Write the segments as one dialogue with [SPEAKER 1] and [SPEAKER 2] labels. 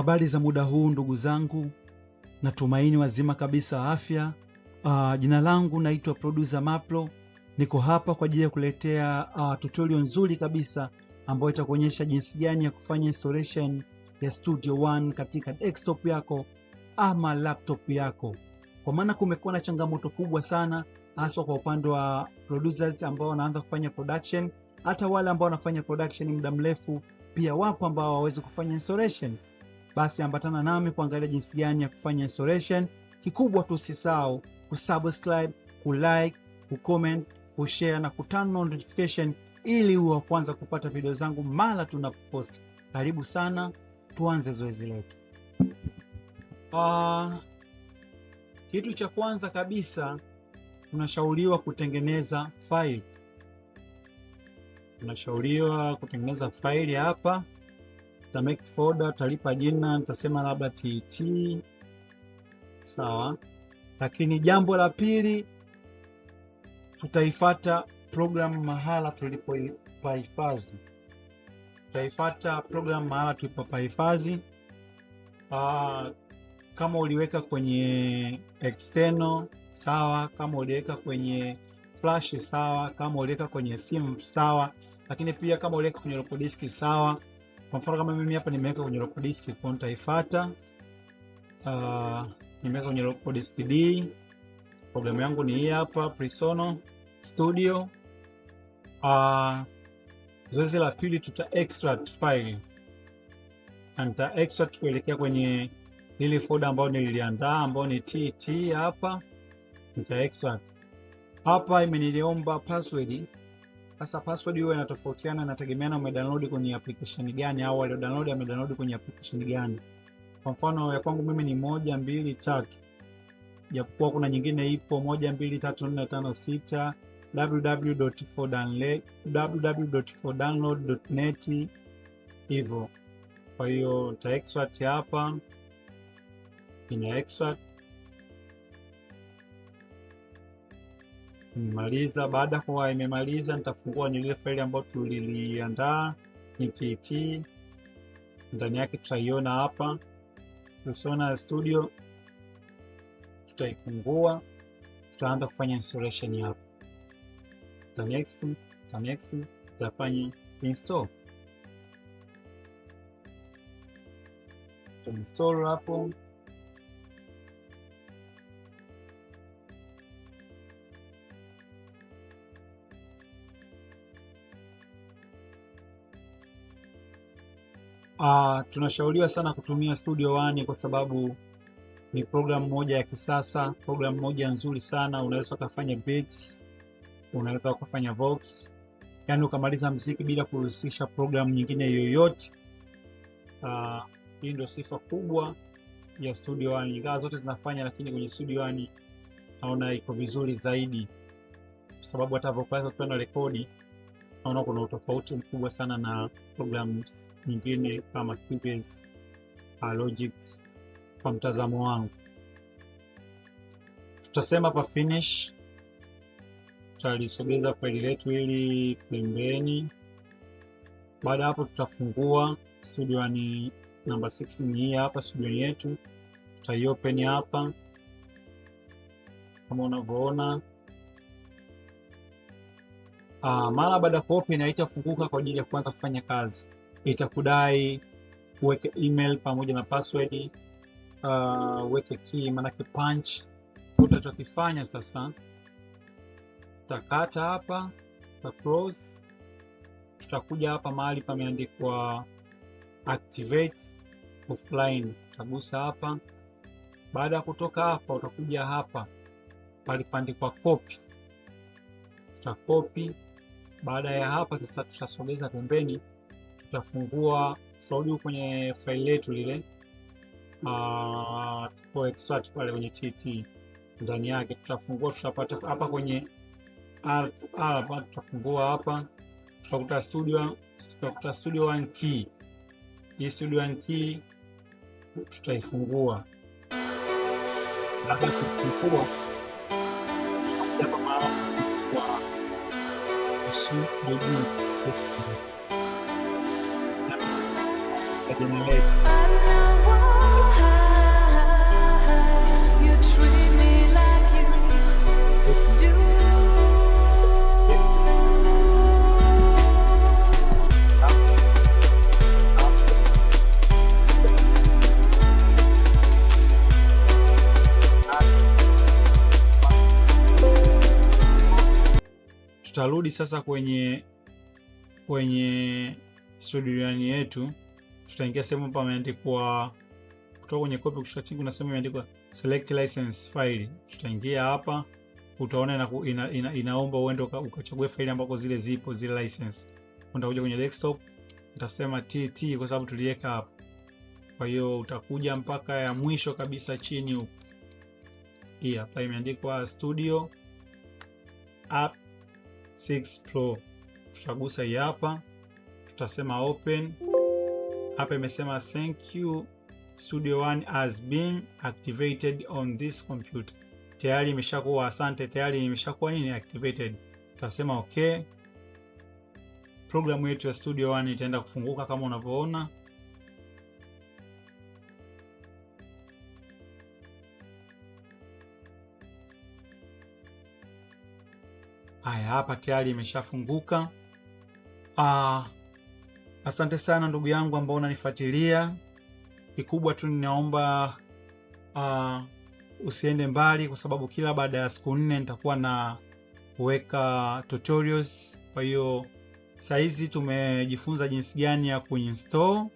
[SPEAKER 1] Habari za muda huu ndugu zangu, natumaini wazima kabisa afya. Uh, jina langu naitwa producer maplo niko hapa kwa ajili ya kuletea uh, tutorial nzuri kabisa ambayo itakuonyesha jinsi gani ya kufanya installation ya Studio One katika desktop yako ama laptop yako, kwa maana kumekuwa na changamoto kubwa sana, haswa kwa upande wa producers ambao wanaanza kufanya production. Hata wale ambao wanafanya production muda mrefu, pia wapo ambao hawawezi kufanya installation basi ambatana nami kuangalia jinsi gani ya kufanya installation. Kikubwa tu usisahau kusubscribe, kulike, kucomment, kushare na kuturn on notification ili uwe wa kwanza kupata video zangu mara tunapopost. Karibu sana, tuanze zoezi letu. Uh, kitu cha kwanza kabisa tunashauriwa kutengeneza faili. Tunashauriwa kutengeneza faili hapa nita make folder, utalipa jina, nitasema labda TT, sawa. Lakini jambo la pili tutaifata program mahala tulipopahifadhi, tutaifata program mahala tulipopahifadhi. Ah, kama uliweka kwenye external sawa, kama uliweka kwenye flash sawa, kama uliweka kwenye simu sawa, lakini pia kama uliweka kwenye local disk sawa. Kwa mfano kama mimi hapa nimeweka kwenye local disk kwa nitaifuata. Uh, nimeweka kwenye local disk D. Programu yangu ni hii hapa Prisono Studio. Uh, zoezi la pili tuta extract file. Nita extract kuelekea kwenye lile folder ambayo nililiandaa ambayo ni TT hapa. Nita extract. Hapa imeniliomba password sasa password hiyo inatofautiana, inategemeana umedownload kwenye application gani, au walio download amedownload kwenye application gani. Kwa mfano ya kwangu mimi ni moja mbili tatu, japokuwa kuna nyingine ipo moja mbili tatu nne tano sita www.fordownload.net hivyo. Kwa hiyo nita extract hapa, ina extract nimemaliza. Baada ya kuwa imemaliza, nitafungua lile faili ambayo tuliliandaa ntt, ndani yake tutaiona hapa Persona Studio, tutaifungua, tutaanza kufanya installation hapa. Ta next, ta next, tutafanya install install hapo Uh, tunashauriwa sana kutumia Studio One kwa sababu ni programu moja ya kisasa, programu moja nzuri sana. Unaweza ukafanya beats, unaweza ukafanya vox, yaani ukamaliza mziki bila kuhusisha programu nyingine yoyote. Uh, hii ndio sifa kubwa ya Studio One, ingawa zote zinafanya, lakini kwenye Studio One naona iko vizuri zaidi, kwa sababu hata vokazi tuna rekodi naona kuna utofauti mkubwa sana na programs nyingine kama Cubase, kwa mtazamo wangu. Tutasema hapa finish, tutalisogeza faili letu ili pembeni. Baada hapo, tutafungua studio ni namba 6 ni hii hapa studio yetu, tutaiopeni hapa kama unavyoona. Uh, mara baada ya kuopen haitafunguka kwa ajili ya kuanza kufanya kazi, itakudai uweke email pamoja na password, uh, uweke key maanake punch. Utachokifanya sasa, utakata hapa, uta close, tutakuja hapa mahali pameandikwa activate offline, utagusa hapa. Baada ya kutoka hapa, utakuja hapa palipoandikwa copy, tutakopi baada ya hapa sasa, tutasogeza pembeni, tutafungua tutarudi kwenye faili letu lile ah, tuko extract pale kwenye TT ndani yake tutafungua, tutapata hapa kwenye R R hapa, tutafungua hapa, tutakuta studio, tutakuta studio one key. Hii studio one key tutaifungua baada ya kufungua I may be the, tutarudi sasa kwenye kwenye Studioline yetu, tutaingia sehemu hapa imeandikwa kutoka kwenye copy, kushuka chini kuna sehemu imeandikwa select license file. Tutaingia hapa, utaona ina, ina, ina, inaomba uende ukachague faili ambako zile zipo zile license. Utakuja kwenye desktop, utasema TT kwa sababu tuliweka hapa. Kwa hiyo utakuja mpaka ya mwisho kabisa chini huko, hii hapa imeandikwa studio app 6 Pro. Tutagusa hii hapa, tutasema open. Hapa imesema thank you Studio One has been activated on this computer. Tayari imeshakuwa asante, tayari imeshakuwa nini activated. Tutasema okay. Programu yetu ya Studio One itaenda kufunguka kama unavyoona. Haya, hapa tayari imeshafunguka. Ah, asante sana ndugu yangu ambao unanifuatilia. Kikubwa tu ninaomba ah, usiende mbali, kwa sababu kila baada ya siku nne nitakuwa na weka tutorials. Kwa hiyo saizi tumejifunza jinsi gani ya kuinstall,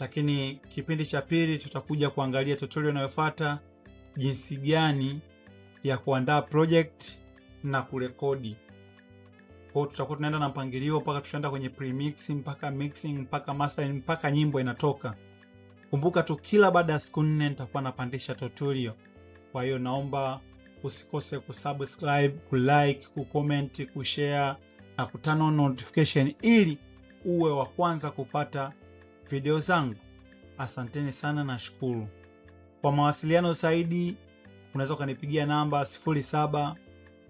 [SPEAKER 1] lakini kipindi cha pili tutakuja kuangalia tutorial inayofuata jinsi gani ya kuandaa project na kurekodi. Kwa hiyo tutakuwa tunaenda na mpangilio mpaka tutaenda kwenye premix mpaka mixing mpaka mastering mpaka nyimbo inatoka. Kumbuka tu kila baada ya siku nne nitakuwa napandisha tutorial. Kwa hiyo naomba usikose kusubscribe, kulike, kucomment, kushare na kutana on notification ili uwe wa kwanza kupata video zangu. Asanteni sana na shukuru. Kwa mawasiliano zaidi unaweza ukanipigia namba 07